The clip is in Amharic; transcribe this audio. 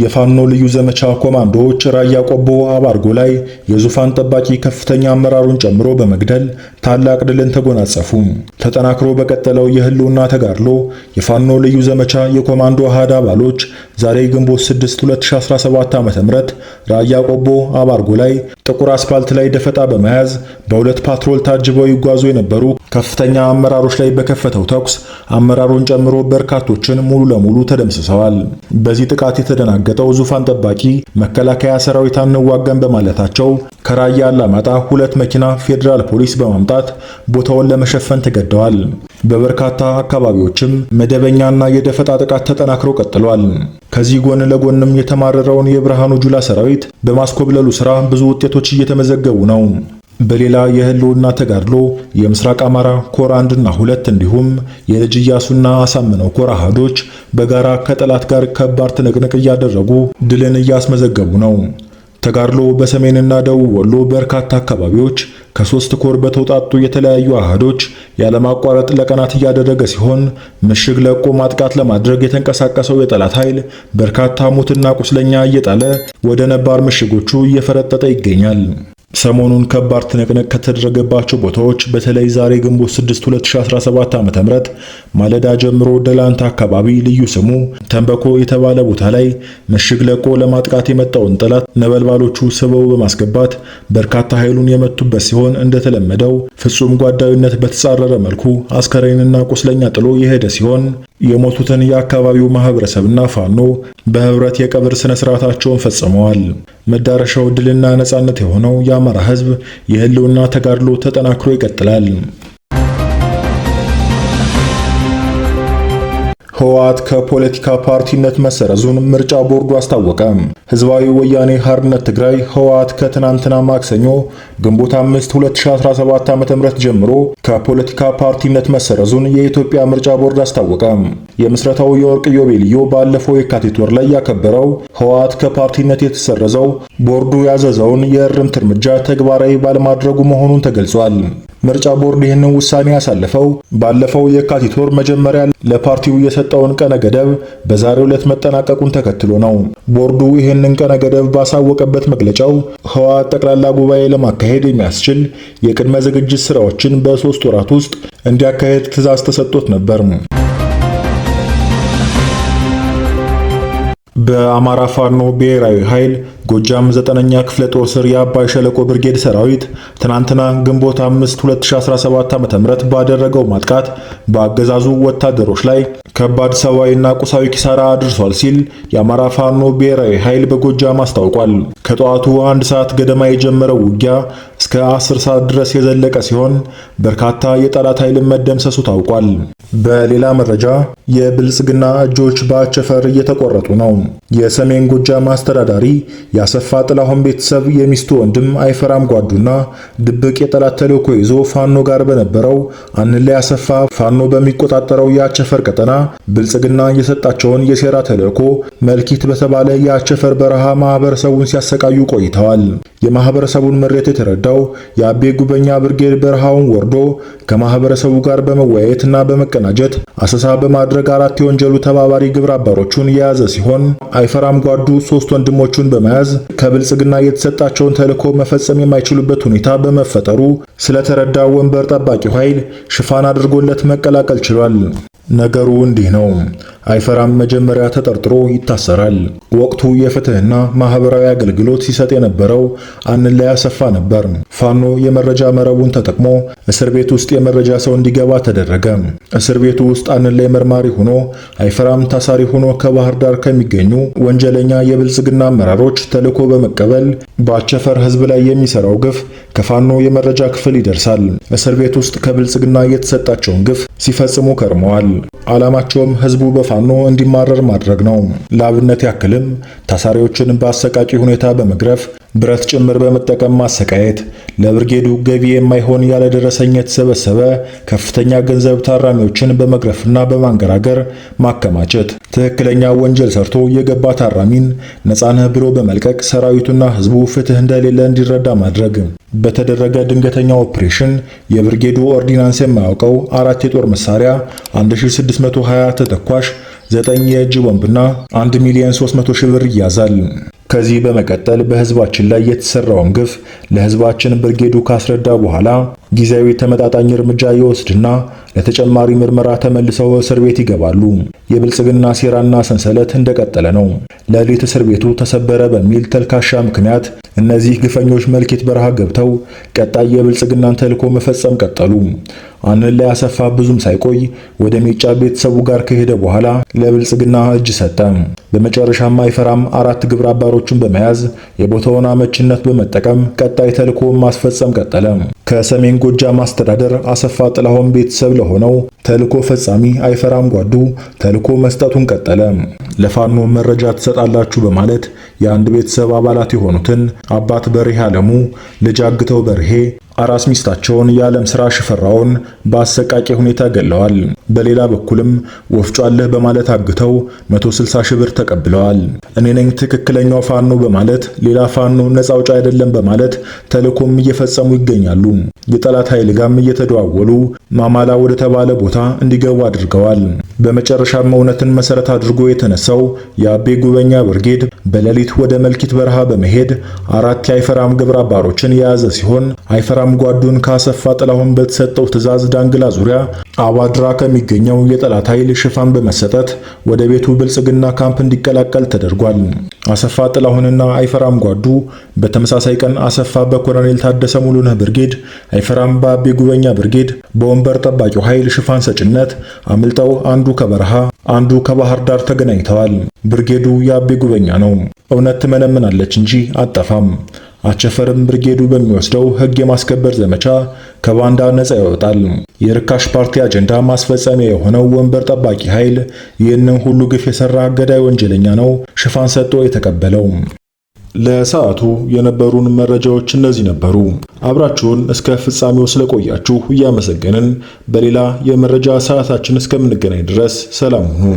የፋኖ ልዩ ዘመቻ ኮማንዶዎች ራያ ቆቦ አባርጎ ላይ የዙፋን ጠባቂ ከፍተኛ አመራሩን ጨምሮ በመግደል ታላቅ ድልን ተጎናጸፉ። ተጠናክሮ በቀጠለው የህልውና ተጋድሎ የፋኖ ልዩ ዘመቻ የኮማንዶ አሃድ አባሎች ዛሬ ግንቦት 6 2017 ዓ.ም ራያ ቆቦ አባርጎ ላይ ጥቁር አስፋልት ላይ ደፈጣ በመያዝ በሁለት ፓትሮል ታጅበው ይጓዙ የነበሩ ከፍተኛ አመራሮች ላይ በከፈተው ተኩስ አመራሩን ጨምሮ በርካቶችን ሙሉ ለሙሉ ተደምስሰዋል። በዚህ ጥቃት የተደናገ ያፈነገጠው ዙፋን ጠባቂ መከላከያ ሰራዊት አንዋጋን በማለታቸው ከራያ አላማጣ ሁለት መኪና ፌዴራል ፖሊስ በማምጣት ቦታውን ለመሸፈን ተገደዋል። በበርካታ አካባቢዎችም መደበኛና የደፈጣ ጥቃት ተጠናክሮ ቀጥሏል። ከዚህ ጎን ለጎንም የተማረረውን የብርሃኑ ጁላ ሰራዊት በማስኮብለሉ ሥራ ብዙ ውጤቶች እየተመዘገቡ ነው። በሌላ የህልውና ተጋድሎ የምስራቅ አማራ ኮር አንድና ሁለት እንዲሁም የልጅ ኢያሱና አሳምነው ኮር አህዶች በጋራ ከጠላት ጋር ከባድ ትንቅንቅ እያደረጉ ድልን እያስመዘገቡ ነው። ተጋድሎ በሰሜንና ደቡብ ወሎ በርካታ አካባቢዎች ከሶስት ኮር በተውጣጡ የተለያዩ አህዶች ያለማቋረጥ ለቀናት እያደረገ ሲሆን ምሽግ ለቆ ማጥቃት ለማድረግ የተንቀሳቀሰው የጠላት ኃይል በርካታ ሙትና ቁስለኛ እየጣለ ወደ ነባር ምሽጎቹ እየፈረጠጠ ይገኛል። ሰሞኑን ከባድ ትንቅንቅ ከተደረገባቸው ቦታዎች በተለይ ዛሬ ግንቦት 6 2017 ዓ.ም ማለዳ ጀምሮ ደላንታ አካባቢ ልዩ ስሙ ተንበኮ የተባለ ቦታ ላይ ምሽግ ለቆ ለማጥቃት የመጣውን ጠላት ነበልባሎቹ ስበው በማስገባት በርካታ ኃይሉን የመቱበት ሲሆን እንደተለመደው ፍጹም ጓዳዊነት በተጻረረ መልኩ አስከሬንና ቁስለኛ ጥሎ የሄደ ሲሆን የሞቱትን የአካባቢው ማህበረሰብና ፋኖ በህብረት የቀብር ስነ ስርዓታቸውን ፈጽመዋል። መዳረሻው ድልና ነጻነት የሆነው የአማራ ህዝብ የህልውና ተጋድሎ ተጠናክሮ ይቀጥላል። ህወሓት ከፖለቲካ ፓርቲነት መሰረዙን ምርጫ ቦርዱ አስታወቀ። ህዝባዊ ወያኔ ሓርነት ትግራይ ህወሓት ከትናንትና ማክሰኞ ግንቦት 5 2017 ዓ.ም ጀምሮ ከፖለቲካ ፓርቲነት መሰረዙን የኢትዮጵያ ምርጫ ቦርድ አስታወቀ። የምስረታው የወርቅ ኢዮቤልዩ ባለፈው የካቲት ወር ላይ ያከበረው ህወሓት ከፓርቲነት የተሰረዘው ቦርዱ ያዘዘውን የእርምት እርምጃ ተግባራዊ ባለማድረጉ መሆኑን ተገልጿል። ምርጫ ቦርድ ይህንን ውሳኔ ያሳለፈው ባለፈው የካቲት ወር መጀመሪያ ለፓርቲው የሰጠውን ቀነ ገደብ በዛሬው ዕለት መጠናቀቁን ተከትሎ ነው። ቦርዱ ይህንን ቀነ ገደብ ባሳወቀበት መግለጫው ህወሓት ጠቅላላ ጉባኤ ለማካሄድ የሚያስችል የቅድመ ዝግጅት ስራዎችን በሶስት ወራት ውስጥ እንዲያካሄድ ትዕዛዝ ተሰጥቶት ነበር። በአማራ ፋኖ ብሔራዊ ኃይል ጎጃም ዘጠነኛ ክፍለ ጦር ስር የአባይ ሸለቆ ብርጌድ ሰራዊት ትናንትና ግንቦት 5 2017 ዓ.ም ባደረገው ማጥቃት በአገዛዙ ወታደሮች ላይ ከባድ ሰብአዊና ቁሳዊ ኪሳራ አድርሷል ሲል የአማራ ፋኖ ብሔራዊ ኃይል በጎጃም አስታውቋል። ከጠዋቱ አንድ ሰዓት ገደማ የጀመረው ውጊያ እስከ 10 ሰዓት ድረስ የዘለቀ ሲሆን በርካታ የጠላት ኃይልን መደምሰሱ ታውቋል። በሌላ መረጃ የብልጽግና እጆች በአቸፈር እየተቆረጡ ነው። የሰሜን ጎጃም አስተዳዳሪ የአሰፋ ጥላሁን ቤተሰብ የሚስቱ ወንድም አይፈራም ጓዱና ድብቅ የጠላት ተልዕኮ ይዞ ፋኖ ጋር በነበረው አንለ አሰፋ ፋኖ በሚቆጣጠረው የአቸፈር ቀጠና ብልጽግና እየሰጣቸውን የሴራ ተልዕኮ መልኪት በተባለ የአቸፈር በረሃ ማህበረሰቡን ሲያሰቃዩ ቆይተዋል። የማህበረሰቡን ምሬት የተረዳው የአቤ ጉበኛ ብርጌድ በረሃውን ወርዶ ከማህበረሰቡ ጋር በመወያየትና በመቀ። በማቀናጀት አሰሳ በማድረግ አራት የወንጀሉ ተባባሪ ግብረ አበሮቹን የያዘ ሲሆን አይፈራም ጓዱ ሶስት ወንድሞቹን በመያዝ ከብልጽግና የተሰጣቸውን ተልዕኮ መፈጸም የማይችሉበት ሁኔታ በመፈጠሩ ስለተረዳ ወንበር ጠባቂው ኃይል ሽፋን አድርጎለት መቀላቀል ችሏል። ነገሩ እንዲህ ነው። አይፈራም መጀመሪያ ተጠርጥሮ ይታሰራል። ወቅቱ የፍትህና ማህበራዊ አገልግሎት ሲሰጥ የነበረው አንላይ አሰፋ ነበር። ፋኖ የመረጃ መረቡን ተጠቅሞ እስር ቤት ውስጥ የመረጃ ሰው እንዲገባ ተደረገ። እስር ቤቱ ውስጥ አንላይ መርማሪ ሆኖ አይፈራም ታሳሪ ሆኖ ከባህር ዳር ከሚገኙ ወንጀለኛ የብልጽግና አመራሮች ተልዕኮ በመቀበል በአቸፈር ህዝብ ላይ የሚሰራው ግፍ ከፋኖ የመረጃ ክፍል ይደርሳል። እስር ቤት ውስጥ ከብልጽግና የተሰጣቸውን ግፍ ሲፈጽሙ ከርመዋል። ዓላማቸውም ህዝቡ በፋ ፋኖ እንዲማረር ማድረግ ነው። ለአብነት ያክልም ታሳሪዎችን በአሰቃቂ ሁኔታ በመግረፍ ብረት ጭምር በመጠቀም ማሰቃየት፣ ለብርጌዱ ገቢ የማይሆን ያለ ደረሰኝ የተሰበሰበ ከፍተኛ ገንዘብ ታራሚዎችን በመግረፍና በማንገራገር ማከማቸት፣ ትክክለኛ ወንጀል ሰርቶ የገባ ታራሚን ነፃነህ ብሎ በመልቀቅ ሰራዊቱና ህዝቡ ፍትህ እንደሌለ እንዲረዳ ማድረግ። በተደረገ ድንገተኛ ኦፕሬሽን የብርጌዱ ኦርዲናንስ የማያውቀው አራት የጦር መሳሪያ 1620 ተተኳሽ ዘጠኝ የእጅ ቦምብና 1 ሚሊዮን 300 ሺህ ብር ይያዛል። ከዚህ በመቀጠል በህዝባችን ላይ የተሰራውን ግፍ ለህዝባችን ብርጌዱ ካስረዳ በኋላ ጊዜያዊ ተመጣጣኝ እርምጃ ይወስድና ለተጨማሪ ምርመራ ተመልሰው እስር ቤት ይገባሉ። የብልጽግና ሴራና ሰንሰለት እንደቀጠለ ነው። ለሊት እስር ቤቱ ተሰበረ በሚል ተልካሻ ምክንያት እነዚህ ግፈኞች መልኬት በረሃ ገብተው ቀጣይ የብልጽግናን ተልኮ መፈጸም ቀጠሉ። አንን ላይ አሰፋ ብዙም ሳይቆይ ወደ ሜጫ ቤተሰቡ ጋር ከሄደ በኋላ ለብልጽግና እጅ ሰጠ። በመጨረሻም አይፈራም አራት ግብረ አባሮቹን በመያዝ የቦታውን አመችነት በመጠቀም ቀጣይ ተልኮ ማስፈጸም ቀጠለ። ከሰሜን ጎጃም አስተዳደር አሰፋ ጥላሁን ቤተሰብ የሆነው ተልኮ ፈጻሚ አይፈራም ጓዱ ተልኮ መስጠቱን ቀጠለ። ለፋኖ መረጃ ትሰጣላችሁ በማለት የአንድ ቤተሰብ አባላት የሆኑትን አባት በርሄ አለሙ፣ ልጅ አግተው በርሄ፣ አራስ ሚስታቸውን የዓለም ስራ ሽፈራውን በአሰቃቂ ሁኔታ ገለዋል። በሌላ በኩልም ወፍጮ አለህ በማለት አግተው 160 ሺህ ብር ተቀብለዋል። እኔ ነኝ ትክክለኛው ፋኖ በማለት ሌላ ፋኖ ነፃ አውጪ አይደለም በማለት ተልእኮም እየፈጸሙ ይገኛሉ። የጠላት ኃይል ጋም እየተደዋወሉ ማማላ ወደ ተባለ ቦታ እንዲገቡ አድርገዋል። በመጨረሻም እውነትን መሰረት አድርጎ የተነሳው የአቤ ጉበኛ ብርጌድ በሌሊት ወደ መልኪት በረሃ በመሄድ አራት የአይፈራም ግብረ አባሮችን የያዘ ሲሆን አይፈራም የአምባራም ጓዱን ካሰፋ ጥላሁን በተሰጠው ትዕዛዝ ዳንግላ ዙሪያ አባድራ ከሚገኘው የጠላት ኃይል ሽፋን በመሰጠት ወደ ቤቱ ብልጽግና ካምፕ እንዲቀላቀል ተደርጓል። አሰፋ ጥላሁንና አይፈራም ጓዱ በተመሳሳይ ቀን አሰፋ በኮሎኔል ታደሰ ሙሉነህ ብርጌድ፣ አይፈራም በአቤ ጉበኛ ብርጌድ በወንበር ጠባቂው ኃይል ሽፋን ሰጭነት አምልጠው አንዱ ከበረሃ አንዱ ከባህር ዳር ተገናኝተዋል። ብርጌዱ የአቤ ጉበኛ ነው። እውነት ትመነምናለች እንጂ አጠፋም አቸፈርም ብርጌዱ በሚወስደው ሕግ የማስከበር ዘመቻ ከባንዳ ነጻ ይወጣል። የርካሽ ፓርቲ አጀንዳ ማስፈጸሚያ የሆነው ወንበር ጠባቂ ኃይል ይህንን ሁሉ ግፍ የሰራ አገዳይ ወንጀለኛ ነው ሽፋን ሰጥቶ የተቀበለው። ለሰዓቱ የነበሩን መረጃዎች እነዚህ ነበሩ። አብራችሁን እስከ ፍጻሜው ስለቆያችሁ እያመሰገንን በሌላ የመረጃ ሰዓታችን እስከምንገናኝ ድረስ ሰላም ሁኑ።